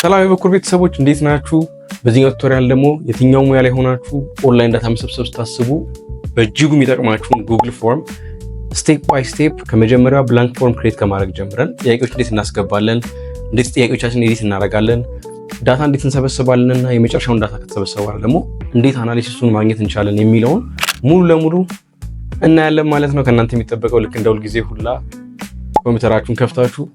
ሰላም የበኩር ቤተሰቦች እንዴት ናችሁ? በዚህኛው ቱቶሪያል ደግሞ የትኛው ሙያ ላይ ሆናችሁ ኦንላይን ዳታ መሰብሰብ ስታስቡ በእጅጉ የሚጠቅማችሁን ጉግል ፎርም ስቴፕ ባይ ስቴፕ ከመጀመሪያ ብላንክ ፎርም ክሬት ከማድረግ ጀምረን ጥያቄዎች እንዴት እናስገባለን፣ እንዴት ጥያቄዎቻችን ኤዲት እናደርጋለን፣ ዳታ እንዴት እንሰበስባለን እና የመጨረሻውን ዳታ ከተሰበሰበ ደግሞ እንዴት አናሊሲሱን ማግኘት እንቻለን የሚለውን ሙሉ ለሙሉ እናያለን ማለት ነው። ከእናንተ የሚጠበቀው ልክ እንደ ሁልጊዜ ሁላ ኮምፒውተራችሁን ከፍታችሁ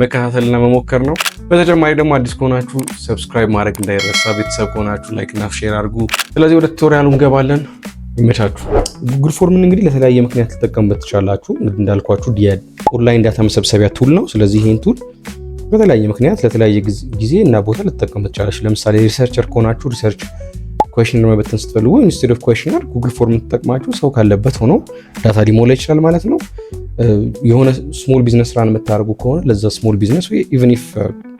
መከታተልና መሞከር ነው። በተጨማሪ ደግሞ አዲስ ከሆናችሁ ሰብስክራይብ ማድረግ እንዳይረሳ፣ ቤተሰብ ከሆናችሁ ላይክ እና ሼር አድርጉ። ስለዚህ ወደ ቱቶሪያሉ እንገባለን። ይመቻችሁ። ጉግል ፎርምን እንግዲህ ለተለያየ ምክንያት ልጠቀምበት ትችላላችሁ። እንዳልኳችሁ ኦንላይን ዳታ መሰብሰቢያ ቱል ነው። ስለዚህ ይህን ቱል በተለያየ ምክንያት ለተለያየ ጊዜ እና ቦታ ልጠቀምበት ትችላለች። ለምሳሌ ሪሰርቸር ከሆናችሁ ሪሰርች ኮሽነር መበተን ስትፈልጉ ኢንስቲድ ኦፍ ኮሽነር ጉግል ፎርም ትጠቅማችሁ ሰው ካለበት ሆኖ ዳታ ሊሞላ ይችላል ማለት ነው። የሆነ ስሞል ቢዝነስ ራን የምታደርጉ ከሆነ ለዛ ስሞል ቢዝነስ ኢቨን ኢፍ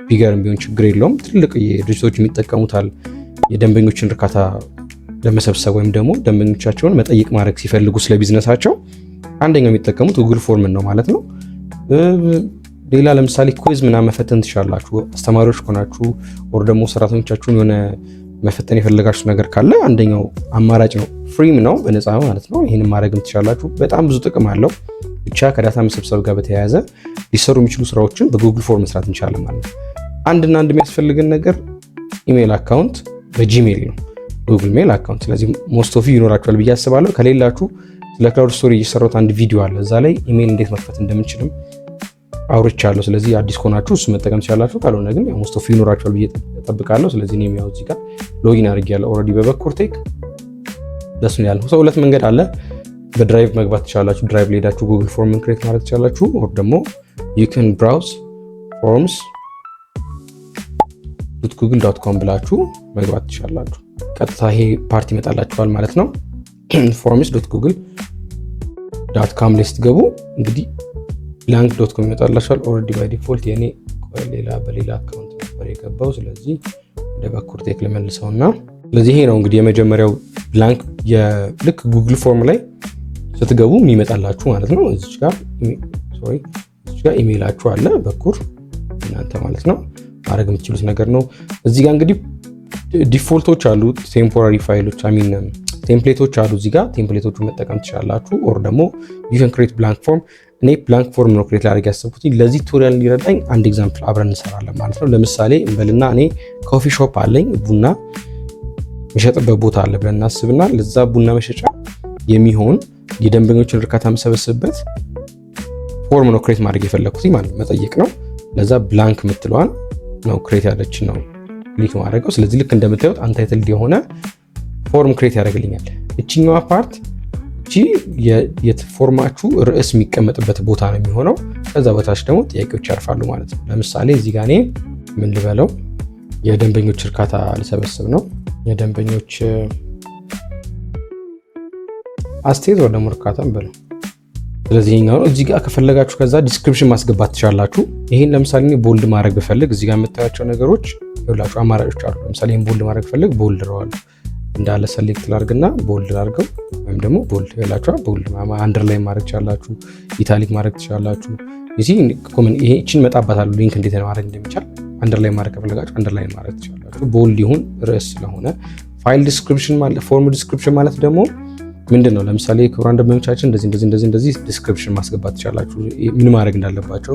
ቢገርም ቢሆን ችግር የለውም ትልቅ ድርጅቶች የሚጠቀሙታል የደንበኞችን እርካታ ለመሰብሰብ ወይም ደግሞ ደንበኞቻቸውን መጠይቅ ማድረግ ሲፈልጉ ስለ ቢዝነሳቸው አንደኛው የሚጠቀሙት ጉግል ፎርምን ነው ማለት ነው። ሌላ ለምሳሌ ኩዌዝ ምናምን መፈተን ትችላላችሁ። አስተማሪዎች ከሆናችሁ ወር ደግሞ ሰራተኞቻችሁን የሆነ መፈተን የፈለጋችሁ ነገር ካለ አንደኛው አማራጭ ነው። ፍሪም ነው፣ በነፃ ማለት ነው። ይህን ማድረግም ትችላላችሁ። በጣም ብዙ ጥቅም አለው። ብቻ ከዳታ መሰብሰብ ጋር በተያያዘ ሊሰሩ የሚችሉ ስራዎችን በጉግል ፎርም መስራት እንችላለን ማለት ነው። አንድና አንድ የሚያስፈልግን ነገር ኢሜይል አካውንት በጂሜይል ነው፣ ጉግል ሜል አካውንት። ስለዚህ ሞስት ኦፍ ይኖራችኋል ብዬ አስባለሁ። ከሌላችሁ ስለ ክላውድ ስቶሪ እየሰራሁት አንድ ቪዲዮ አለ። እዛ ላይ ኢሜይል እንዴት መክፈት እንደምንችልም አውርቻለሁ። ስለዚህ አዲስ ከሆናችሁ እሱ መጠቀም ትችላላችሁ። ካልሆነ ግን ሞስት ኦፍ ይኖራችኋል ብዬ እጠብቃለሁ። ስለዚህ እኔም ያው እዚህ ጋር ሎጊን አድርጌያለሁ ኦልሬዲ በበኩር ቴክ። ለሱ ያለ ሰው ሁለት መንገድ አለ በድራይቭ መግባት ትችላላችሁ። ድራይቭ ሊሄዳችሁ ጉግል ፎርምን ክሬት ማድረግ ትችላላችሁ። ኦር ደግሞ ዩ ካን ብራውዝ ፎርምስ ዶት ጉግል ዶት ኮም ብላችሁ መግባት ትችላላችሁ። ቀጥታ ይሄ ፓርቲ ይመጣላችኋል ማለት ነው። ፎርምስ ዶት ጉግል ዶት ካም ላይ ስትገቡ እንግዲህ ላንግ ዶት ኮም ይመጣላችኋል። ኦልሬዲ ባይ ዲፎልት የኔ ሌላ በሌላ አካውንት ነበር የገባው። ስለዚህ ወደ በኩር ቴክ ልመልሰውና ስለዚህ ይሄ ነው እንግዲህ የመጀመሪያው ብላንክ ልክ ጉግል ፎርም ላይ ስትገቡ የሚመጣላችሁ ማለት ነው። እዚች ጋር ኢሜይላችሁ አለ በኩር እናንተ ማለት ነው ማድረግ የምትችሉት ነገር ነው። እዚህ ጋር እንግዲህ ዲፎልቶች አሉ፣ ቴምፖራሪ ፋይሎች ሚን ቴምፕሌቶች አሉ። እዚህ ጋር ቴምፕሌቶቹ መጠቀም ትችላላችሁ። ኦር ደግሞ ዩን ክሬት ብላንክ ፎርም። እኔ ብላንክ ፎርም ነው ክሬት ላደርግ ያሰብኩት። ለዚህ ቱቶሪያል እንዲረዳኝ አንድ ኤግዛምፕል አብረን እንሰራለን ማለት ነው። ለምሳሌ እንበልና እኔ ኮፊ ሾፕ አለኝ፣ ቡና የሚሸጥበት ቦታ አለ ብለን እናስብና ለዛ ቡና መሸጫ የሚሆን የደንበኞችን እርካታ የምሰበስብበት ፎርም ነው ክሬት ማድረግ የፈለግኩት ማለት መጠየቅ ነው። ለዛ ብላንክ የምትለዋን ነው ክሬት ያለች ነው ክሊክ ማድረገው። ስለዚህ ልክ እንደምታዩት አንታይትል የሆነ ፎርም ክሬት ያደርግልኛል። እችኛዋ ፓርት እቺ የፎርማችሁ ርዕስ የሚቀመጥበት ቦታ ነው የሚሆነው። ከዛ በታች ደግሞ ጥያቄዎች ያርፋሉ ማለት ነው። ለምሳሌ እዚህ ጋር እኔ ምን ልበለው የደንበኞች እርካታ ልሰበስብ ነው የደንበኞች አስተያየት ወደ ሙርካታም በለው። ስለዚህ ይሄኛው ነው። እዚህ ጋር ከፈለጋችሁ ከዛ ዲስክሪፕሽን ማስገባት ትችላላችሁ። ይሄን ለምሳሌ እኔ ቦልድ ማድረግ ፈልግ እዚህ ጋር የምታያቸው ነገሮች ይኸውላችሁ አማራጮች አሉ። ለምሳሌ ይሄን ቦልድ ማድረግ ፈልግ ቦልድ ረዋለሁ እንዳለ ሰሌክት ላርግና ቦልድ ላርገው ወይም ደግሞ ቦልድ ይላችሁ ቦልድ አንደርላይን ማድረግ ትችላላችሁ፣ ኢታሊክ ማድረግ ትችላላችሁ። እዚህ ኮመን ይሄ እቺን መጣባታለሁ ሊንክ እንዴት ማድረግ እንደሚቻል አንደርላይን ማድረግ ከፈለጋችሁ አንደርላይን ማድረግ ትችላላችሁ። ቦልድ ይሁን ርዕስ ስለሆነ ፋይል ዲስክሪፕሽን ማለት ፎርም ዲስክሪፕሽን ማለት ደግሞ ምንድን ነው ለምሳሌ ክቡራን ደንበኞቻችን እንደዚህ እንደዚህ እንደዚህ እንደዚህ ዲስክሪፕሽን ማስገባት ትችላላችሁ፣ ምን ማድረግ እንዳለባቸው።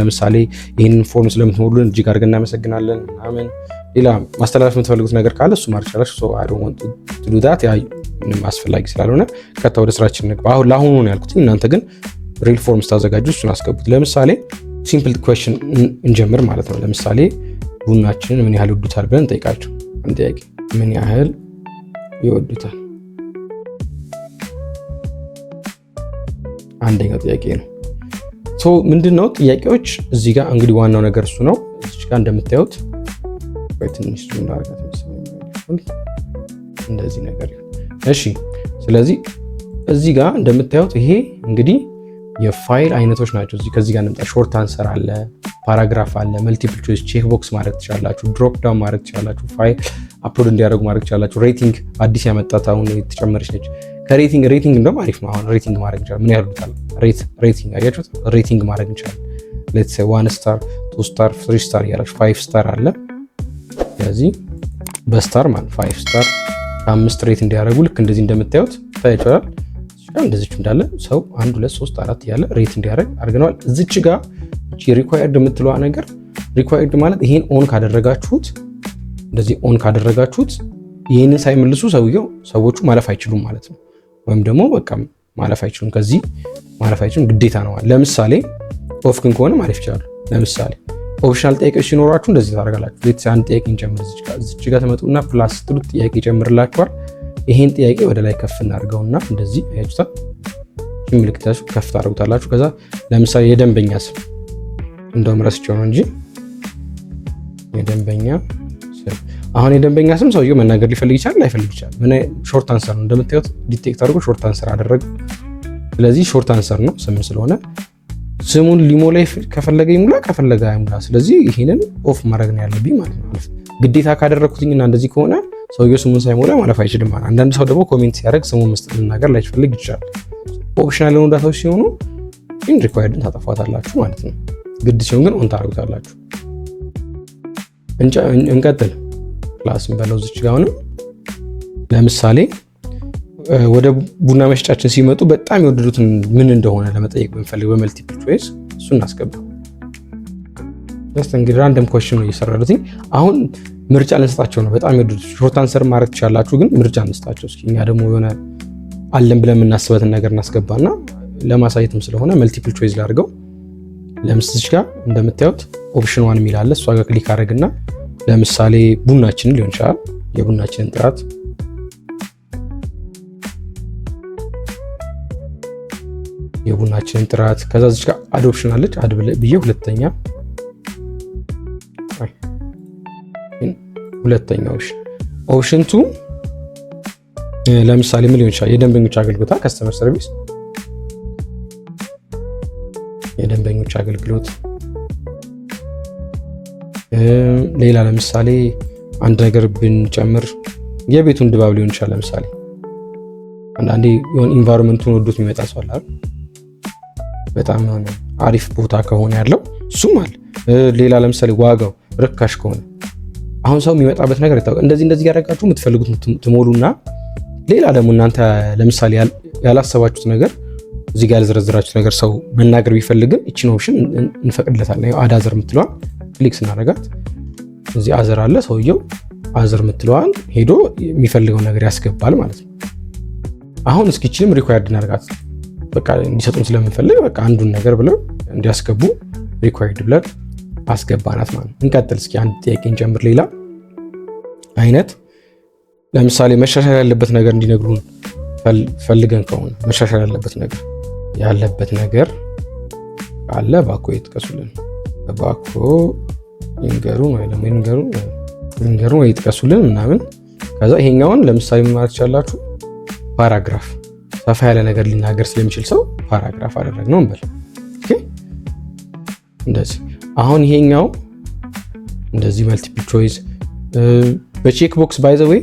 ለምሳሌ ይህንን ፎርም ስለምትሞሉን እጅግ አድርገን እናመሰግናለን ምናምን። ሌላ ማስተላለፍ የምትፈልጉት ነገር ካለ እሱ ማድረግ ትችላላችሁ። ምንም አስፈላጊ ስላልሆነ ቀጥታ ወደ ስራችን ንግባ። አሁን ለአሁኑ ነው ያልኩት። እናንተ ግን ሪል ፎርም ስታዘጋጁ እሱን አስገቡት። ለምሳሌ ሲምፕል ኩዌሽን እንጀምር ማለት ነው። ለምሳሌ ቡናችንን ምን ያህል ይወዱታል ብለን እንጠይቃቸው። ምን ያህል ይወዱታል አንደኛው ጥያቄ ነው። ሶ ምንድን ነው ጥያቄዎች? እዚህ ጋር እንግዲህ ዋናው ነገር እሱ ነው። እዚህ ጋር እንደምታዩት ትንሽ እንደዚህ ነገር እሺ። ስለዚህ እዚህ ጋር እንደምታዩት ይሄ እንግዲህ የፋይል አይነቶች ናቸው። እዚህ ከዚህ ጋር እንምጣ። ሾርት አንሰር አለ፣ ፓራግራፍ አለ፣ መልቲፕል ቾይስ፣ ቼክ ቦክስ ማድረግ ትችላላችሁ፣ ድሮፕ ዳውን ማድረግ ትችላላችሁ፣ ፋይል አፕሎድ እንዲያደርጉ ማድረግ ትችላላችሁ። ሬቲንግ አዲስ ያመጣት አሁን የተጨመረች ነች። ከሬቲንግ ሬቲንግ እንደውም አሪፍ ነው። አሁን ሬቲንግ ማድረግ እንችላለን። ምን ያህል ሬት ሬቲንግ አያችሁት? ሬቲንግ ማድረግ እንችላለን። ሌትስ ሴ ዋን ስታር፣ ቱ ስታር፣ ትሪ ስታር እያላችሁ ፋይቭ ስታር አለ። ስለዚህ በስታር ማለት ፋይቭ ስታር ከአምስት ሬት እንዲያደርጉ ልክ እንደዚህ እንደምታዩት ታያችኋል። እንደዚች እንዳለ ሰው አንድ ሁለት ሶስት አራት እያለ ሬት እንዲያደርግ አድርገነዋል። እዚች ጋር ሪኳየርድ የምትለዋ ነገር ሪኳየርድ ማለት ይሄን ኦን ካደረጋችሁት እንደዚህ ኦን ካደረጋችሁት ይህንን ሳይመልሱ ሰውየው ሰዎቹ ማለፍ አይችሉም ማለት ነው። ወይም ደግሞ በቃ ማለፍ አይችሉም፣ ከዚህ ማለፍ አይችሉም፣ ግዴታ ነው። ለምሳሌ ኦፍክን ከሆነ ማለፍ ይችላሉ። ለምሳሌ ኦፕሽናል ጥያቄዎች ሲኖሯችሁ እንደዚህ ታደርጋላችሁ። ቤት አንድ ጥያቄ እንጨምር፣ እዚች ጋር ተመጡና ፕላስ ስትሉት ጥያቄ ይጨምርላችኋል። ይሄን ጥያቄ ወደ ላይ ከፍ እናድርገውና እንደዚህ ያችታል ምልክታችሁ ከፍ ታደርጉታላችሁ። ከዛ ለምሳሌ የደንበኛ ስም እንደውም ረስቸው ነው እንጂ የደንበኛ ስም አሁን የደንበኛ ስም ሰውየው መናገር ሊፈልግ ይችላል፣ ላይፈልግ ይችላል። ምን ሾርት አንሰር ነው እንደምታዩት፣ ዲቴክት አድርጎ ሾርት አንሰር አደረገ። ስለዚህ ሾርት አንሰር ነው ስም ስለሆነ ስሙን ሊሞላ ከፈለገ ይሙላ፣ ከፈለገ አይሙላ። ስለዚህ ይህንን ኦፍ ማድረግ ነው ያለብኝ ማለት ነው። ግዴታ እና እንደዚህ ከሆነ ሰውየው ስሙን ሳይሞላ ማለፍ አይችልም። አንዳንድ ሰው ደግሞ ኮሜንት ሲያደርግ ስሙን መስጠት መናገር ላይፈልግ ይችላል። ኦፕሽናል የሆኑ ዳታዎች ሲሆኑ ግን ሪኳየርድን ታጠፏታላችሁ ማለት ነው። ግድ ሲሆን ግን ኦን ታደርጉታላችሁ። እንቀጥል ክላስ እንበለው ዝች ጋ ለምሳሌ ወደ ቡና መሸጫችን ሲመጡ በጣም የወደዱትን ምን እንደሆነ ለመጠየቅ ብንፈልግ በመልቲፕል ቾይስ እሱ እናስገባ። እንግዲህ ራንደም ኮሽን ነው እየሰራሁት አሁን ምርጫ ልንሰጣቸው ነው። በጣም የወደዱት ሾርት አንሰር ማድረግ ትችላላችሁ፣ ግን ምርጫ እንስጣቸው እስኪ። እኛ ደግሞ የሆነ አለን ብለን የምናስበትን ነገር እናስገባ እናስገባና ለማሳየትም ስለሆነ መልቲፕል ቾይስ ላድርገው። ለምስች ጋር እንደምታዩት ኦፕሽን ዋን የሚላለ እሷ ጋር ክሊክ አድረግና ለምሳሌ ቡናችንን ሊሆን ይችላል። የቡናችንን ጥራት የቡናችንን ጥራት ከዛ ዝች ጋር አዶፕሽን አለች አድ ብዬ ሁለተኛ ሁለተኛ ኦፕሽን ኦፕሽን ቱ ለምሳሌ ምን ሊሆን ይችላል? የደንበኞች አገልግሎታ ከስተመር ሰርቪስ የደንበኞች አገልግሎት ሌላ ለምሳሌ አንድ ነገር ብንጨምር የቤቱን ድባብ ሊሆን ይችላል። ለምሳሌ አንዳንዴ የሆነ ኢንቫይሮንመንቱን ወዶት የሚመጣ ሰው አለ በጣም አሪፍ ቦታ ከሆነ ያለው እሱም አለ። ሌላ ለምሳሌ ዋጋው ርካሽ ከሆነ አሁን ሰው የሚመጣበት ነገር ይታወቃል። እንደዚህ እንደዚህ ያደረጋችሁ የምትፈልጉት ትሞሉና ሌላ ደግሞ እናንተ ለምሳሌ ያላሰባችሁት ነገር እዚህ ጋር ያልዘረዝራችሁት ነገር ሰው መናገር ቢፈልግም ይችን ኦፕሽን እንፈቅድለታለን። አዳዘር የምትለዋል ፍሊክስ እናደርጋት እዚህ አዘር አለ። ሰውየው አዘር የምትለዋን ሄዶ የሚፈልገው ነገር ያስገባል ማለት ነው። አሁን እስኪችልም ሪኳየርድ እናደርጋት በቃ እንዲሰጡን ስለምንፈልግ በቃ አንዱን ነገር ብለው እንዲያስገቡ ሪኳርድ ብለን አስገባናት ማለት ነው። እንቀጥል እስኪ አንድ ጥያቄ እንጨምር። ሌላ አይነት ለምሳሌ መሻሻል ያለበት ነገር እንዲነግሩን ፈልገን ከሆነ መሻሻል ያለበት ነገር ያለበት ነገር አለ ባኮ የጥቀሱልን ባኮ ይንገሩ ወይ ይንገሩ ይንገሩ ወይ ይጥቀሱልን ምናምን። ከዛ ይሄኛውን ለምሳሌ ማለት ትችላላችሁ። ፓራግራፍ ሰፋ ያለ ነገር ሊናገር ስለሚችል ሰው ፓራግራፍ አደረግ ነው እንበል። ኦኬ እንደዚህ አሁን ይሄኛው እንደዚህ መልቲፕል ቾይስ በቼክ ቦክስ ባይ ዘ ዌይ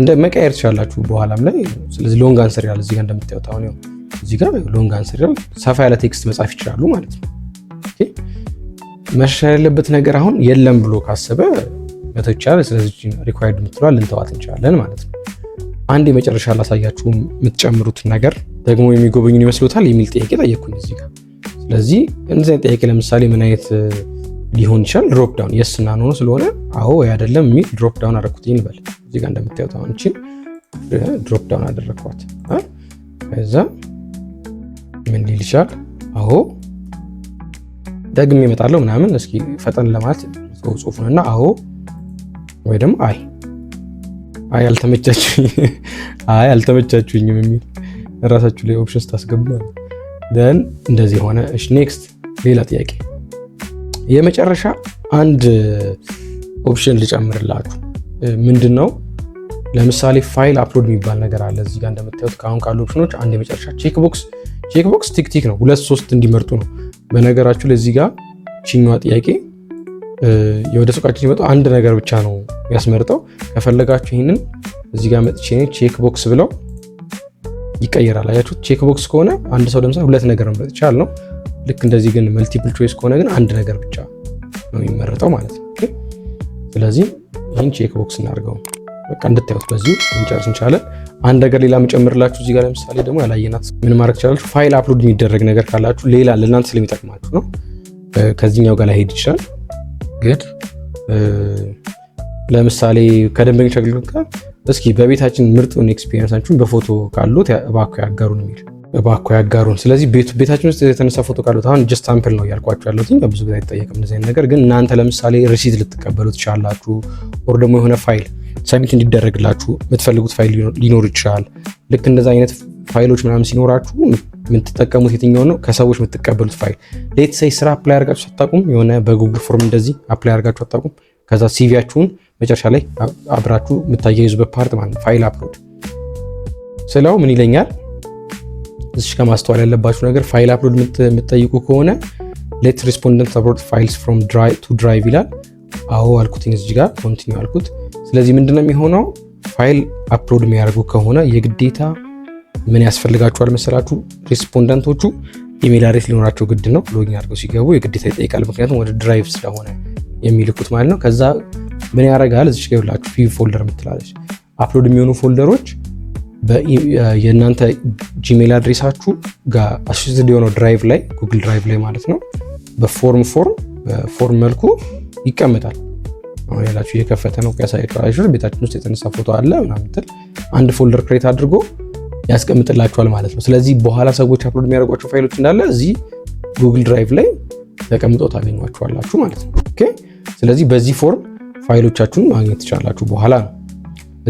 እንደ መቀየር ትችላላችሁ በኋላም ላይ። ስለዚህ ሎንግ አንሰር ይላል እዚህ ጋር እንደምታዩት አሁን እዚህ ጋር ሎንግ አንሰር ይላል። ሰፋ ያለ ቴክስት መጻፍ ይችላሉ ማለት ነው። ኦኬ መሻሻል ያለበት ነገር አሁን የለም ብሎ ካሰበ መተው ይቻላል። ስለዚህ ሪኳርድ የምትለዋ ልንተዋት እንችላለን ማለት ነው። አንድ የመጨረሻ ላሳያችሁ የምትጨምሩት ነገር ደግሞ የሚጎበኙን ይመስሎታል የሚል ጥያቄ ጠየኩኝ እዚህ ጋር። ስለዚህ እንደዚህ ጥያቄ ለምሳሌ ምን አይነት ሊሆን ይችላል? ድሮፕ ዳውን የስ እና ኖ ስለሆነ አዎ አይደለም የሚል ድሮፕ ዳውን ይንበል። እዚህ ጋር እንደምታዩት አሁን እቺን ዳውን አደረግኳት። ከዛ ምን ሊል ይችላል? አዎ ደግም ይመጣለው ምናምን እስኪ ፈጠን ለማለት ጽሁፉን ጽሁፉንና አዎ ወይ ደግሞ አይ አይ አልተመቻችሁኝ አይ አልተመቻችሁኝም የሚል ራሳችሁ ላይ ኦፕሽን ስታስገቡ ደን እንደዚህ ሆነ። እሺ ኔክስት ሌላ ጥያቄ የመጨረሻ አንድ ኦፕሽን ልጨምርላችሁ። ምንድን ነው ለምሳሌ ፋይል አፕሎድ የሚባል ነገር አለ እዚህ ጋር እንደምታዩት። ከአሁን ካሉ ኦፕሽኖች አንድ የመጨረሻ ቼክቦክስ ቼክቦክስ ቲክቲክ ነው። ሁለት ሶስት እንዲመርጡ ነው በነገራችሁ ለዚህ ጋር ችኛዋ ጥያቄ የወደ ሱቃችን ሲመጡ አንድ ነገር ብቻ ነው የሚያስመርጠው። ከፈለጋችሁ ይህንን እዚህ ጋር መጥቼ ቼክ ቦክስ ብለው ይቀየራል። አያችሁት? ቼክ ቦክስ ከሆነ አንድ ሰው ለምሳሌ ሁለት ነገር መምረጥ ይችላል ነው። ልክ እንደዚህ ግን መልቲፕል ቾይስ ከሆነ ግን አንድ ነገር ብቻ ነው የሚመረጠው ማለት ነው። ስለዚህ ይህን ቼክ ቦክስ እናድርገው፣ በቃ እንድታዩት በዚሁ እንጨርስ እንችላለን። አንድ ነገር ሌላ መጨምርላችሁ እዚህ ጋር ለምሳሌ ደግሞ ያላየናት ምን ማድረግ ትችላላችሁ? ፋይል አፕሎድ የሚደረግ ነገር ካላችሁ ሌላ ለእናንተ ስለሚጠቅማችሁ ነው። ከዚህኛው ጋር ላይሄድ ይችላል፣ ግድ ለምሳሌ ከደንበኞች አገልግሎት ጋር እስኪ በቤታችን ምርጡን ኤክስፒሪየንሳችሁን በፎቶ ካሉት እባክዎ ያጋሩን የሚል እባኮ ያጋሩን። ስለዚህ ቤታችን ውስጥ የተነሳ ፎቶ ካሉት አሁን ጀስት ሳምፕል ነው እያልኳቸው ያለሁት። ብዙ ጊዜ አይጠየቅም እንደዚህ አይነት ነገር። ግን እናንተ ለምሳሌ ሪሲት ልትቀበሉ ትችላላችሁ። ኦር ደግሞ የሆነ ፋይል ሰሚት እንዲደረግላችሁ የምትፈልጉት ፋይል ሊኖር ይችላል። ልክ እንደዚ አይነት ፋይሎች ምናምን ሲኖራችሁ የምትጠቀሙት የትኛው ነው? ከሰዎች የምትቀበሉት ፋይል ሌት ሳይ ስራ አፕላይ አድርጋችሁ አታውቁም? የሆነ በጉግል ፎርም እንደዚህ አፕላይ አድርጋችሁ አታውቁም? ከዛ ሲቪያችሁን መጨረሻ ላይ አብራችሁ የምታያይዙበት ፓርት ማለት ነው ፋይል አፕሎድ ስለው ምን ይለኛል እዚህ ጋር ማስተዋል ያለባችሁ ነገር ፋይል አፕሎድ የምትጠይቁ ከሆነ ሌት ሬስፖንደንት አፕሎድ ፋይልስ ፍሮም ቱ ድራይቭ ይላል። አዎ አልኩትኝ እዚህ ጋር ኮንቲኒ አልኩት። ስለዚህ ምንድነው የሚሆነው ፋይል አፕሎድ የሚያደርጉ ከሆነ የግዴታ ምን ያስፈልጋችኋል መሰላችሁ? ሬስፖንደንቶቹ ኢሜል አድሬስ ሊኖራቸው ግድ ነው። ሎጊን አድርገው ሲገቡ የግዴታ ይጠይቃል። ምክንያቱም ወደ ድራይቭ ስለሆነ የሚልኩት ማለት ነው። ከዛ ምን ያደርጋል? እዚህ ጋር ይኸውላችሁ ፎልደር የምትላለች አፕሎድ የሚሆኑ ፎልደሮች የእናንተ ጂሜል አድሬሳችሁ ጋር የሆነው ድራይቭ ላይ ጉግል ድራይቭ ላይ ማለት ነው በፎርም ፎርም በፎርም መልኩ ይቀመጣል። አሁን ያላችሁ እየከፈተ ነው ያሳያችሁ። ቤታችን ውስጥ የተነሳ ፎቶ አለ ምናምን አንድ ፎልደር ክሬት አድርጎ ያስቀምጥላችኋል ማለት ነው። ስለዚህ በኋላ ሰዎች አፕሎድ የሚያደርጓቸው ፋይሎች እንዳለ እዚህ ጉግል ድራይቭ ላይ ተቀምጠው ታገኟችኋላችሁ ማለት ነው። ኦኬ ስለዚህ በዚህ ፎርም ፋይሎቻችሁን ማግኘት ትችላላችሁ በኋላ ነው።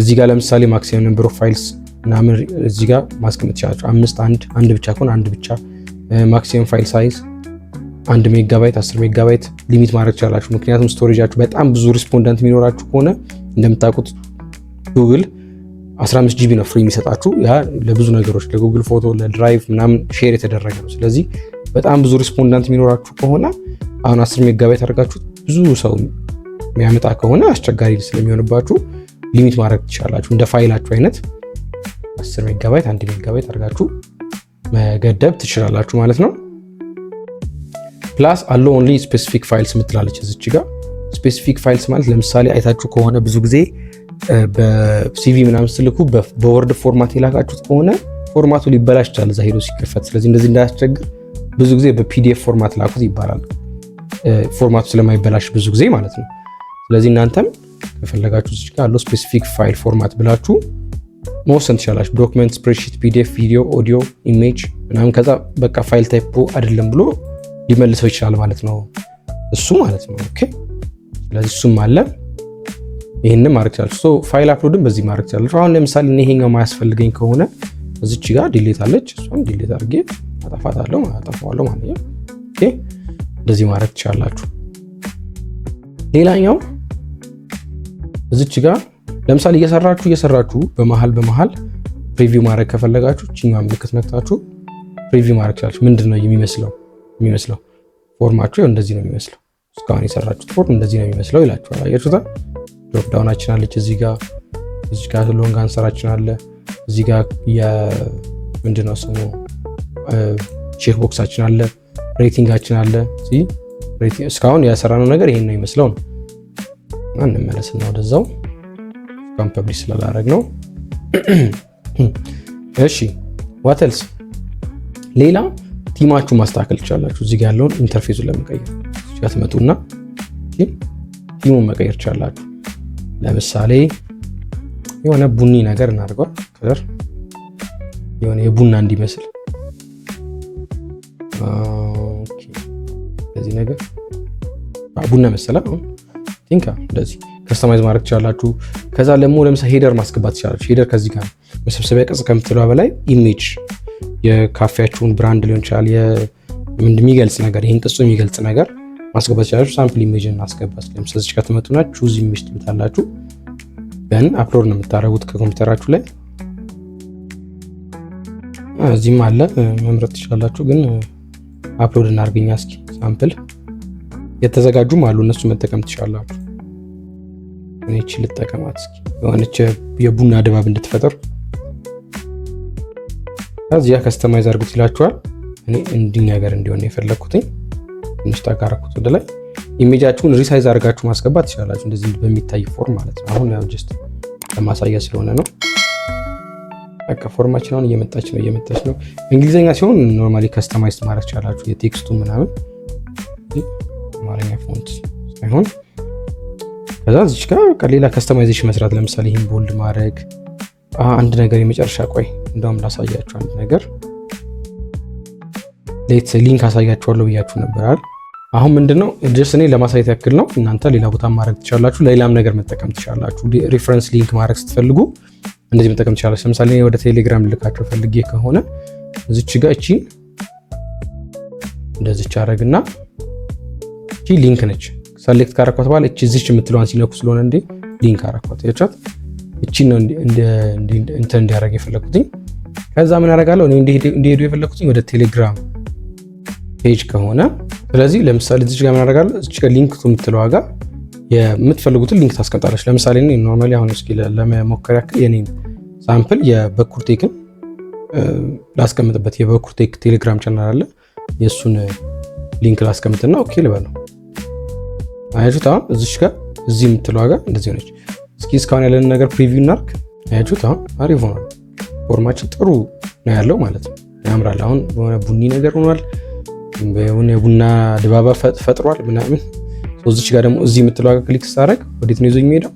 እዚህ ጋር ለምሳሌ ማክሲመም ነምበር ኦፍ ፋይልስ ምናምን እዚህ ጋር ማስቀመጥ ይችላችሁ። አምስት አንድ አንድ ብቻ ከሆነ አንድ ብቻ ማክሲመም ፋይል ሳይዝ አንድ ሜጋባይት አስር ሜጋባይት ሊሚት ማድረግ ትችላላችሁ። ምክንያቱም ስቶሬጃችሁ በጣም ብዙ ሪስፖንዳንት የሚኖራችሁ ከሆነ እንደምታውቁት ጉግል 15 ጂቢ ነው ፍሪ የሚሰጣችሁ። ያ ለብዙ ነገሮች ለጉግል ፎቶ፣ ለድራይቭ ምናምን ሼር የተደረገ ነው። ስለዚህ በጣም ብዙ ሪስፖንዳንት የሚኖራችሁ ከሆነ አሁን 10 ሜጋባይት አድርጋችሁ ብዙ ሰው የሚያመጣ ከሆነ አስቸጋሪ ስለሚሆንባችሁ ሊሚት ማድረግ ትችላላችሁ እንደ ፋይላችሁ አይነት አስር ሜጋባይት አንድ ሜጋባይት አድርጋችሁ መገደብ ትችላላችሁ ማለት ነው። ፕላስ አሎ ኦንሊ ስፔሲፊክ ፋይልስ የምትላለች እዚች ጋ ስፔሲፊክ ፋይልስ ማለት ለምሳሌ አይታችሁ ከሆነ ብዙ ጊዜ በሲቪ ምናምን ስልኩ በወርድ ፎርማት የላካችሁት ከሆነ ፎርማቱ ሊበላሽ ይችላል እዛ ሄዶ ሲከፈት። ስለዚህ እንደዚህ እንዳያስቸግር ብዙ ጊዜ በፒዲኤፍ ፎርማት ላኩት ይባላል። ፎርማቱ ስለማይበላሽ ብዙ ጊዜ ማለት ነው። ስለዚህ እናንተም ከፈለጋችሁ እዚች ጋ አሎ ስፔሲፊክ ፋይል ፎርማት ብላችሁ መወሰን ትችላላችሁ። ዶክመንት፣ ስፕሬድሺት፣ ፒዲኤፍ፣ ቪዲዮ፣ ኦዲዮ፣ ኢሜጅ ምናምን ከዛ በቃ ፋይል ታይፖ አይደለም ብሎ ሊመልሰው ይችላል ማለት ነው እሱ ማለት ነው። ኦኬ ስለዚህ እሱም አለ። ይህንም ማድረግ ትችላለች። ፋይል አፕሎድን በዚህ ማድረግ ትችላለች። አሁን ለምሳሌ እኔ ይሄኛው ማያስፈልገኝ ከሆነ እዚች ጋር ዲሌት አለች። እሷም ዲሌት አድርጌ አጠፋታለሁ አጠፋዋለሁ ማለት ነው። ኦኬ እንደዚህ ማድረግ ትችላላችሁ። ሌላኛው እዚች ጋር ለምሳሌ እየሰራችሁ እየሰራችሁ በመሀል በመሀል ሪቪው ማድረግ ከፈለጋችሁ ችኛ ምልክት ነክታችሁ ሪቪው ማድረግ ትችላችሁ። ምንድን ነው የሚመስለው የሚመስለው ፎርማችሁ እንደዚህ ነው የሚመስለው እስካሁን የሰራችሁት ፎርም እንደዚህ ነው የሚመስለው ይላችኋል። አያችሁታ? ድሮፕ ዳውናችን አለች እዚህ ጋር እዚህ ጋር ሎንግ አንሰራችን አለ እዚህ ጋር የምንድነው ስሙ ቼክ ቦክሳችን አለ ሬቲንጋችን አለ። እስካሁን ያሰራነው ነገር ይሄን ነው የሚመስለው ነው። እንመለስና ወደዛው እስካሁን ፐብሊሽ ስላላረግ ነው። እሺ ዋተልስ ሌላ ቲማችሁ ማስተካከል ትችላላችሁ። እዚህ ጋር ያለውን ኢንተርፌሱን ለመቀየር እዚህ ትመጡና ቲሙን መቀየር ትችላላችሁ። ለምሳሌ የሆነ ቡኒ ነገር እናድርገዋል። ከዘር የሆነ የቡና እንዲመስል እንደዚህ ነገር ቡና መሰለ። ቲንካ እንደዚህ ከስተማይዝ ማድረግ ትችላላችሁ። ከዛ ደግሞ ለምሳሌ ሄደር ማስገባት ይችላለች። ሄደር ከዚህ ጋር መሰብሰቢያ ቅጽ ከምትለዋ በላይ ኢሜጅ የካፌያችሁን ብራንድ ሊሆን ይችላል የሚገልጽ ነገር ይህን ቅጹ የሚገልጽ ነገር ማስገባት ይችላችሁ። ሳምፕል ኢሜጅን እናስገባት ስለዚህ ከትመጡና ቹዝ ኢሜጅ ትሉታላችሁ። ደን አፕሎድ ነው የምታደርጉት ከኮምፒውተራችሁ ላይ እዚህም አለ መምረጥ ትችላላችሁ። ግን አፕሎድ እናርገኛ እስኪ ሳምፕል የተዘጋጁም አሉ እነሱ መጠቀም ትችላላችሁ። ይቺ ልጠቀማት እስኪ የሆነች የቡና ድባብ እንድትፈጥር እዚያ ከስተማይዝ አድርጉት ይላችኋል። እኔ እንዲህ ነገር እንዲሆን የፈለግኩትኝ ትንሽ ጠጋረኩት ወደ ላይ። ኢሜጃችሁን ሪሳይዝ አድርጋችሁ ማስገባት ትችላላችሁ፣ እንደዚህ በሚታይ ፎርም ማለት ነው። አሁን ያው ጀስት ለማሳያ ስለሆነ ነው። በቃ ፎርማችን አሁን እየመጣች ነው እየመጣች ነው። እንግሊዝኛ ሲሆን ኖርማሊ ከስተማይዝ ማድረግ ትችላላችሁ፣ የቴክስቱ ምናምን አማርኛ ፎንት ሳይሆን ከዛ እዚች ጋር በቃ ሌላ ከስተማይዜሽን መስራት፣ ለምሳሌ ይህን ቦልድ ማድረግ። አንድ ነገር የመጨረሻ ቆይ እንደውም ላሳያችሁ አንድ ነገር ሌት ሊንክ አሳያችኋለሁ ብያችሁ ነበራል አሁን ምንድነው ጀስት እኔ ለማሳየት ያክል ነው። እናንተ ሌላ ቦታ ማድረግ ትችላላችሁ፣ ለሌላም ነገር መጠቀም ትችላላችሁ። ሪፈረንስ ሊንክ ማድረግ ስትፈልጉ እንደዚህ መጠቀም ትችላላችሁ። ለምሳሌ ወደ ቴሌግራም ልልካቸው ፈልጌ ከሆነ እዚች ጋር እቺን እንደዚች አረግና ሊንክ ነች ሰሌክት ካረኳት በኋላ እቺ እዚች የምትለዋን ሲለኩ ስለሆነ እንዴ ሊንክ አረኳት ያቻት እቺ ነው እንትን እንዲያደረግ የፈለግኩትኝ። ከዛ ምን ያደረጋለሁ እንዲሄዱ የፈለግኩትኝ ወደ ቴሌግራም ፔጅ ከሆነ ስለዚህ ለምሳሌ እዚች ጋር ምን ያደረጋለ እዚች ጋር ሊንክ የምትለዋ ጋር የምትፈልጉትን ሊንክ ታስቀምጣለች። ለምሳሌ እኔ ኖርማሊ አሁን እስኪ ለመሞከር ያክል የኔን ሳምፕል የበኩር ቴክን ላስቀምጥበት የበኩር ቴክ ቴሌግራም ቻናል አለ የእሱን ሊንክ ላስቀምጥና ኦኬ ልበል ነው አያችሁት? አሁን እዚሽ ጋር እዚህ የምትለው ጋር እንደዚህ ሆነች። እስኪ እስካሁን ያለን ነገር ፕሪቪው እናርክ። አያችሁት? አሁን አሪፍ ሆኗል። ፎርማችን ጥሩ ነው ያለው ማለት ነው። ያምራል። አሁን በሆነ ቡኒ ነገር ሆኗል። በሆነ የቡና ድባባ ፈጥሯል ምናምን። እዚች ጋር ደግሞ እዚህ የምትለው ጋር ክሊክ ስታደርግ ወዴት ነው ይዞኝ የሚሄደው?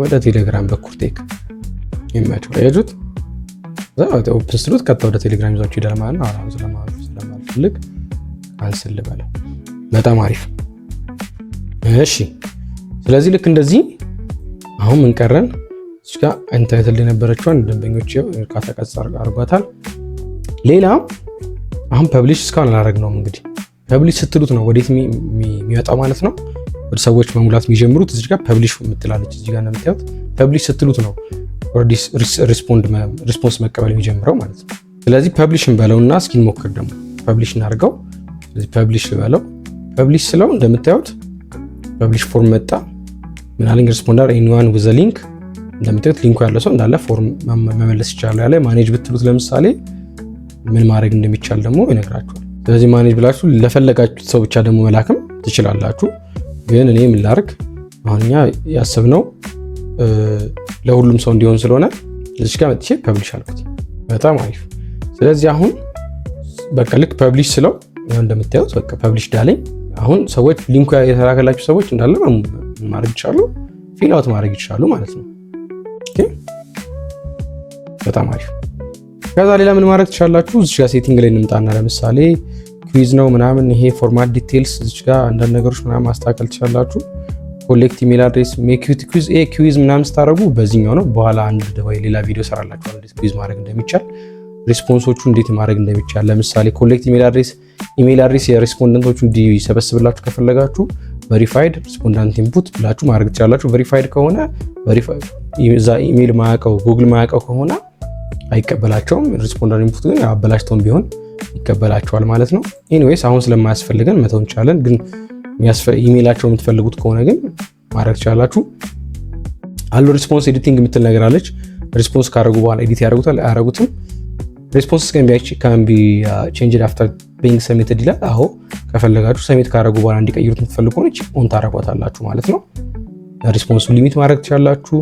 ወደ ቴሌግራም በኩል ቴክ የሚያቸው አያችሁት? ኦፕን ስሉት ቀጥታ ወደ ቴሌግራም ይዟቸው ይሄዳል ማለት ነው። አሁን ስለማልፈልግ አንስል በለው። በጣም አሪፍ እሺ ስለዚህ ልክ እንደዚህ አሁን ምን ቀረን? እዚህ ጋር ኢንታይትል የነበረችዋን ደንበኞች እርቃታ አርጓታል አድርጓታል። ሌላ አሁን ፐብሊሽ እስካሁን ነው እንግዲህ ፐብሊሽ ስትሉት ነው ወዴት የሚመጣው ማለት ነው። ወደ ሰዎች መሙላት የሚጀምሩት እዚህ ጋር ፐብሊሽ የምትላለች እዚህ ጋር እንደምታዩት ፐብሊሽ ስትሉት ነው ሪስፖንስ መቀበል የሚጀምረው ማለት ነው። ስለዚህ ፐብሊሽ እንበለውና እስኪ ሞክር ደግሞ ፐብሊሽ እናድርገው። ስለዚህ ፐብሊሽ በለው ፐብሊሽ ስለው እንደምታዩት ፐብሊሽ ፎርም መጣ። ምናለኝ ሪስፖንደር ኤኒዋን ዊዝ ሊንክ እንደምታዩት ሊንኩ ያለው ሰው እንዳለ ፎርም መመለስ ይቻላል ያለ ማኔጅ ብትሉት ለምሳሌ ምን ማድረግ እንደሚቻል ደግሞ ይነግራችኋል። ስለዚህ ማኔጅ ብላችሁ ለፈለጋችሁት ሰው ብቻ ደግሞ መላክም ትችላላችሁ። ግን እኔ ምን ላርግ አሁንኛ እኛ ለሁሉም ሰው እንዲሆን ስለሆነ እዚህ ጋር መጥቼ ፐብሊሽ አልኩት። በጣም አሪፍ። ስለዚህ አሁን በቃ ልክ ፐብሊሽ ስለው እንደምታዩት በቃ ፐብሊሽ ዳለኝ። አሁን ሰዎች ሊንኩ የተላከላቸው ሰዎች እንዳለ ማድረግ ይችላሉ፣ ፊል አውት ማድረግ ይችላሉ ማለት ነው። በጣም አሪፍ። ከዛ ሌላ ምን ማድረግ ትችላላችሁ? እዚች ጋር ሴቲንግ ላይ እንምጣና ለምሳሌ ኩዊዝ ነው ምናምን፣ ይሄ ፎርማት ዲቴልስ፣ እዚች ጋር አንዳንድ ነገሮች ምናምን ማስተካከል ትችላላችሁ። ኮሌክት ኢሜል አድሬስ ሜክዩት ኩዊዝ ኤ ኩዊዝ ምናምን ስታደረጉ በዚህኛው ነው። በኋላ አንድ ወይ ሌላ ቪዲዮ ሰራላችኋል፣ ኩዊዝ ማድረግ እንደሚቻል ሪስፖንሶቹ እንዴት ማድረግ እንደሚቻል ለምሳሌ ኮሌክት ኢሜል አድሬስ ኢሜል አድሬስ የሪስፖንደንቶቹ እንዲሰበስብላችሁ ከፈለጋችሁ ቨሪፋይድ ሪስፖንዳንት ኢንፑት ብላችሁ ማድረግ ትችላላችሁ። ቨሪፋይድ ከሆነ እዛ ኢሜል ማያውቀው ጉግል ማያውቀው ከሆነ አይቀበላቸውም። ሪስፖንዳንት ኢንፑት ግን አበላሽተውም ቢሆን ይቀበላቸዋል ማለት ነው። ኤኒዌይስ አሁን ስለማያስፈልገን መተው እንችላለን። ግን ኢሜላቸው የምትፈልጉት ከሆነ ግን ማድረግ ትችላላችሁ። አሉ ሪስፖንስ ኤዲቲንግ የምትል ነገር አለች። ሪስፖንስ ካደረጉ በኋላ ኤዲት ያደርጉታል አያደርጉትም ሬስፖንስ ካን ቢ ቼንጅድ አፍተር ቢንግ ሰሚትድ ይላል። አዎ ከፈለጋችሁ ሰሚት ካደረጉ በኋላ እንዲቀይሩት የምትፈልጉ ሆነች ኦን ታደረጓታላችሁ ማለት ነው። ሪስፖንሱ ሊሚት ማድረግ ትችላላችሁ።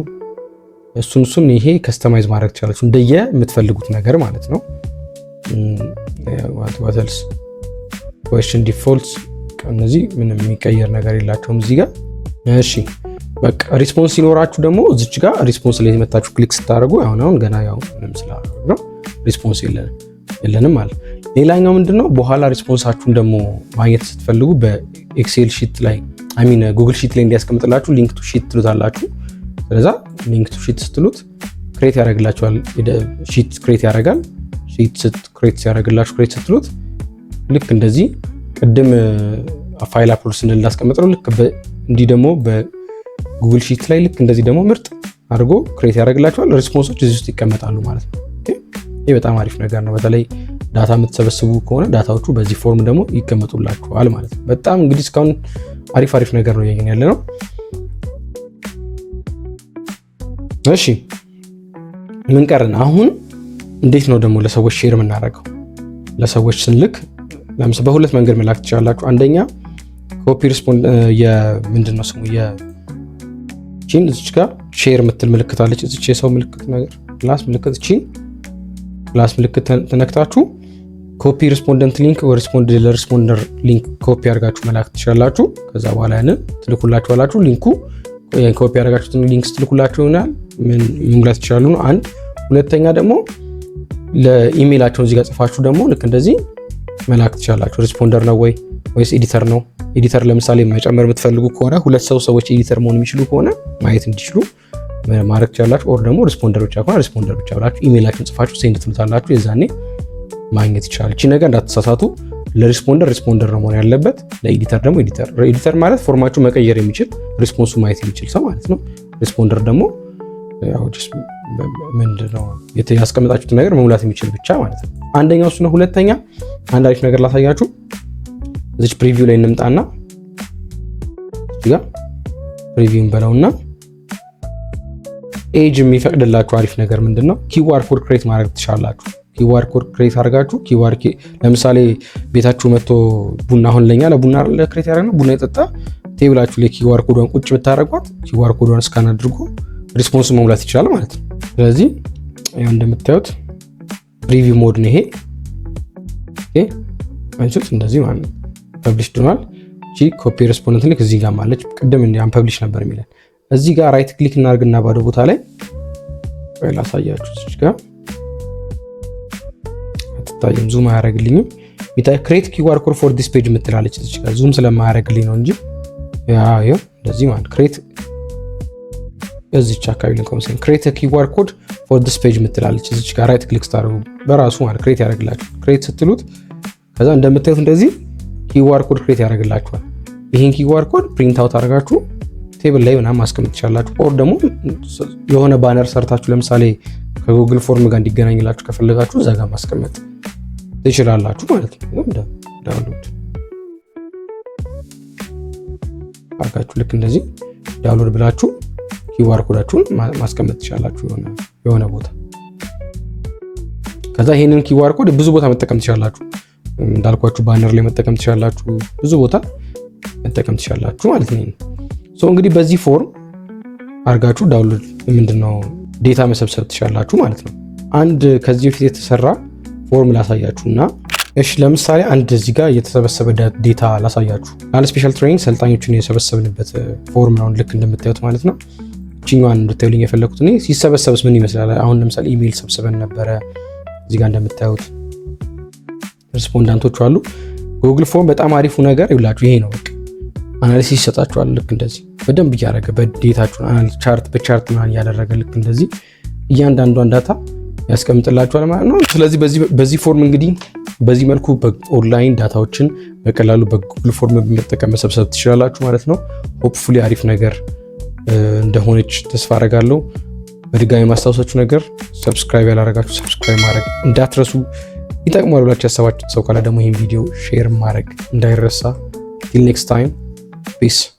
እሱን እሱን ይሄ ከስተማይዝ ማድረግ ትችላላችሁ እንደየ የምትፈልጉት ነገር ማለት ነው። ዋተልስ ኮስን ዲፎልትስ እነዚህ ምንም የሚቀየር ነገር የላቸውም እዚህ ጋር እሺ በቃ ሪስፖንስ ሲኖራችሁ ደግሞ እዚች ጋር ሪስፖንስ ላይ የመታችሁ ክሊክ ስታደርጉ አሁን አሁን ገና ያው ምንም ስላሉ ሪስፖንስ የለንም ማለት። ሌላኛው ምንድነው በኋላ ሪስፖንሳችሁን ደግሞ ማግኘት ስትፈልጉ በኤክሴል ሺት ላይ አሚን ጉግል uh, ሺት ላይ እንዲያስቀምጥላችሁ ሊንክ ቱ ሺት ትሉታላችሁ። ስለዛ ሊንክ ቱ ሺት ስትሉት ክሬት ያደረግላችኋል። ሺት ክሬት ያደረጋል። ሺት ክሬት ክሬት ስትሉት ልክ እንደዚህ ቅድም uh, ፋይል አፕሎድ ስንል እንዳስቀመጥ ነው። ልክ እንዲህ ደግሞ በጉግል ሺት ላይ ልክ እንደዚህ ደግሞ ምርጥ አድርጎ ክሬት ያደረግላችኋል። ሪስፖንሶች እዚህ ውስጥ ይቀመጣሉ ማለት ነው። ይህ በጣም አሪፍ ነገር ነው። በተለይ ዳታ የምትሰበስቡ ከሆነ ዳታዎቹ በዚህ ፎርም ደግሞ ይቀመጡላችኋል ማለት ነው። በጣም እንግዲህ እስካሁን አሪፍ አሪፍ ነገር ነው እያየን ያለ ነው። እሺ ምን ቀረን? አሁን እንዴት ነው ደግሞ ለሰዎች ሼር የምናደርገው? ለሰዎች ስንልክ ለምሳሌ በሁለት መንገድ መላክ ትችላላችሁ። አንደኛ ኮፒ ሪስፖንድ የምንድን ነው ስሙ የቺን እዚች ጋር ሼር የምትል ምልክት አለች። እዚች የሰው ምልክት ነገር ላስ ምልክት ቺን ፕላስ ምልክት ተነክታችሁ ኮፒ ሪስፖንደንት ሊንክ ሪስፖንድ ለሪስፖንደር ሊንክ ኮፒ አድርጋችሁ መላክ ትችላላችሁ። ከዛ በኋላ ያንን ትልኩላችሁ አላችሁ ሊንኩ ኮፒ ያደረጋችሁትን ሊንክ ስትልኩላችሁ ይሆናል መሙላት ይችላሉ። አንድ ሁለተኛ ደግሞ ለኢሜይላቸውን እዚጋ ጽፋችሁ ደግሞ ልክ እንደዚህ መላክ ትችላላችሁ። ሪስፖንደር ነው ወይ ወይስ ኤዲተር ነው? ኤዲተር ለምሳሌ መጨመር የምትፈልጉ ከሆነ ሁለት ሰው ሰዎች ኤዲተር መሆን የሚችሉ ከሆነ ማየት እንዲችሉ ማድረግ ትችላላችሁ። ኦር ደግሞ ሪስፖንደር ብቻ ከሆነ ሪስፖንደር ብቻ ብላችሁ ኢሜይላችሁን ጽፋችሁ ሴንድ ትሉታላችሁ። የዛኔ ማግኘት ይችላል። እቺ ነገር እንዳትሳሳቱ፣ ለሪስፖንደር ሪስፖንደር ነው መሆን ያለበት፣ ለኤዲተር ደግሞ ኤዲተር። ኤዲተር ማለት ፎርማችሁ መቀየር የሚችል ሪስፖንሱ ማየት የሚችል ሰው ማለት ነው። ሪስፖንደር ደግሞ ምንድን ነው ነገር መሙላት የሚችል ብቻ ማለት ነው። አንደኛው እሱ ነው። ሁለተኛ አንድ አሪፍ ነገር ላሳያችሁ። እዚች ፕሪቪው ላይ እንምጣና ፕሪቪውን በለውና ኤጅ የሚፈቅድላችሁ አሪፍ ነገር ምንድን ነው? ኪዋር ኮድ ክሬት ማድረግ ትችላላችሁ። ኪዋር ኮድ ክሬት አድርጋችሁ ኪዋር ለምሳሌ ቤታችሁ መጥቶ ቡና አሁን ለኛ ለቡና ለክሬት ያደረግ ነው ቡና የጠጣ ቴብላችሁ ላይ ኪዋር ኮዷን ቁጭ ብታደረጓት ኪዋር ኮዷን እስካን አድርጎ ሪስፖንስ መሙላት ይችላል ማለት ነው። ስለዚህ ያው እንደምታዩት ሪቪው ሞድ ነው ይሄ። አንሱት እንደዚህ ማለት ነው። ፐብሊሽ ድኗል። ኮፒ ሬስፖንደንት ልክ እዚህ ጋር ማለች። ቅድም አንፐብሊሽ ነበር የሚለን እዚህ ጋር ራይት ክሊክ እናርግና ባዶ ቦታ ላይ ላሳያችሁ። እዚህ ጋር አትታይም፣ ዙም አያደርግልኝም። ሚታይ ክሬት ኪዋር ኮድ ፎር ዲስ ፔጅ የምትላለች እዚህ ጋር ዙም ስለማያደርግልኝ ነው እንጂ ያው እንደዚህ ማለት ክሬት እዚች አካባቢ ልንቆም ሲል ክሬት ኪዋር ኮድ ፎር ዲስ ፔጅ የምትላለች እዚህ ጋር ራይት ክሊክ ስታደርጉ በራሱ ማለት ክሬት ያደርግላችሁ። ክሬት ስትሉት ከዛ እንደምታዩት እንደዚህ ኪዋር ኮድ ክሬት ያደርግላችኋል። ይህን ኪዋር ኮድ ፕሪንት አውት አድርጋችሁ ቴብል ላይ ምናምን ማስቀመጥ ትችላላችሁ። ኦር ደግሞ የሆነ ባነር ሰርታችሁ ለምሳሌ ከጉግል ፎርም ጋር እንዲገናኝላችሁ ከፈለጋችሁ እዛ ጋር ማስቀመጥ ትችላላችሁ ማለት ነው። ዳውንሎድ አርጋችሁ ልክ እንደዚህ ዳውንሎድ ብላችሁ ኪዋር ኮዳችሁን ማስቀመጥ ትችላላችሁ የሆነ ቦታ። ከዛ ይህንን ኪዋር ኮድ ብዙ ቦታ መጠቀም ትችላላችሁ። እንዳልኳችሁ ባነር ላይ መጠቀም ትችላላችሁ፣ ብዙ ቦታ መጠቀም ትችላላችሁ ማለት ነው። ሶ እንግዲህ በዚህ ፎርም አርጋችሁ ዳውንሎድ ምንድነው ዴታ መሰብሰብ ትችላላችሁ ማለት ነው። አንድ ከዚህ በፊት የተሰራ ፎርም ላሳያችሁ እና እሺ፣ ለምሳሌ አንድ እዚህ ጋር የተሰበሰበ ዴታ ላሳያችሁ። ያለ ስፔሻል ትሬኒንግ ሰልጣኞችን የሰበሰብንበት ፎርም ነው፣ ልክ እንደምታዩት ማለት ነው። እችኛዋን እንድታዩልኝ የፈለኩት እኔ ሲሰበሰብስ ምን ይመስላል። አሁን ለምሳሌ ኢሜይል ሰብስበን ነበረ። እዚህ ጋር እንደምታዩት ሪስፖንዳንቶቹ አሉ። ጉግል ፎርም በጣም አሪፉ ነገር ይብላችሁ ይሄ ነው። አናሊሲስ ይሰጣችኋል። ልክ እንደዚህ በደንብ እያደረገ በዴታችሁን ቻርት በቻርት ምናምን እያደረገ ልክ እንደዚህ እያንዳንዷን ዳታ ያስቀምጥላችኋል ማለት ነው። ስለዚህ በዚህ ፎርም እንግዲህ በዚህ መልኩ በኦንላይን ዳታዎችን በቀላሉ በጉግል ፎርም በመጠቀም መሰብሰብ ትችላላችሁ ማለት ነው። ሆፕፉሊ አሪፍ ነገር እንደሆነች ተስፋ አረጋለሁ። በድጋሚ ማስታወሳችሁ ነገር ሰብስክራይብ ያላረጋችሁ ሰብስክራይብ ማድረግ እንዳትረሱ። ይጠቅማል ብላችሁ ያሰባችሁ ሰው ካለ ደግሞ ይህን ቪዲዮ ሼር ማድረግ እንዳይረሳ። ቲል ኔክስት ታይም Peace.